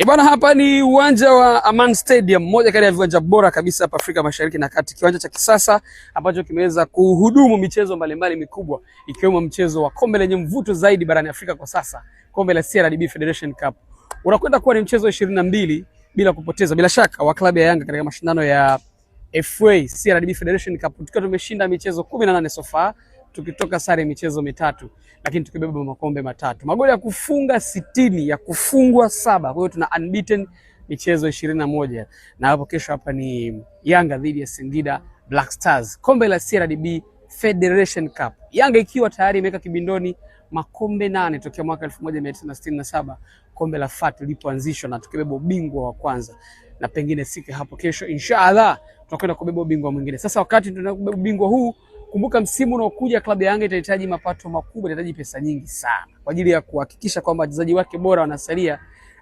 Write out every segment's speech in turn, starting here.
E bwana, hapa ni uwanja wa Aman Stadium, moja kati ya viwanja bora kabisa hapa Afrika Mashariki na Kati, kiwanja cha kisasa ambacho kimeweza kuhudumu michezo mbalimbali mikubwa ikiwemo mchezo wa kombe lenye mvuto zaidi barani Afrika kwa sasa, kombe la CRDB Federation Cup. Unakwenda kuwa ni mchezo wa ishirini na mbili bila kupoteza, bila shaka, wa klabu ya Yanga katika mashindano ya FA CRDB Federation Cup, tukiwa tumeshinda michezo kumi na nane so far tukitoka sare michezo mitatu, lakini tukibeba makombe matatu, magoli ya kufunga sitini, ya kufungwa saba. Kwa hiyo tuna unbeaten michezo ishirini na moja na hapo kesho hapa ni Yanga dhidi ya Singida Black Stars, kombe la CRDB Federation Cup. Yanga ikiwa tayari imeweka kibindoni makombe nane tokea mwaka 1967 kombe la FAT lilipoanzishwa, na tukibeba ubingwa wa kwanza, na pengine siku hapo kesho, inshallah, tutakwenda kubeba ubingwa mwingine. Sasa wakati tunabeba ubingwa huu Kumbuka msimu unaokuja klabu ya Yanga itahitaji mapato makubwa, itahitaji pesa nyingi sana kwa ajili ya kuhakikisha kwamba wachezaji wake bora wanasalia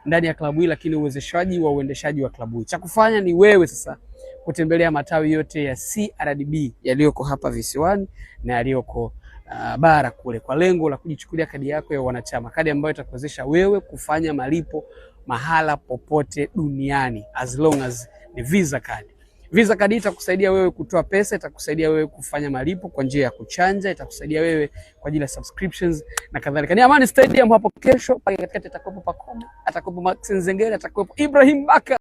ndani ya klabu hii, lakini uwezeshaji wa uendeshaji wa klabu hii, cha kufanya ni wewe sasa kutembelea matawi yote ya CRDB yaliyoko hapa visiwani na yaliyoko uh, bara kule kwa lengo la kujichukulia kadi yako ya wanachama, kadi ambayo itakuwezesha wewe kufanya malipo mahala popote duniani as long as ni visa kadi. Visa kadi itakusaidia wewe kutoa pesa, itakusaidia wewe kufanya malipo kwa njia ya kuchanja, itakusaidia wewe kwa ajili ya subscriptions na kadhalika. Ni Amani Stadium hapo kesho, pale katikati atakuwepo Pacome, atakuwepo Maxence Zengeri, atakuwepo Ibrahim Baka.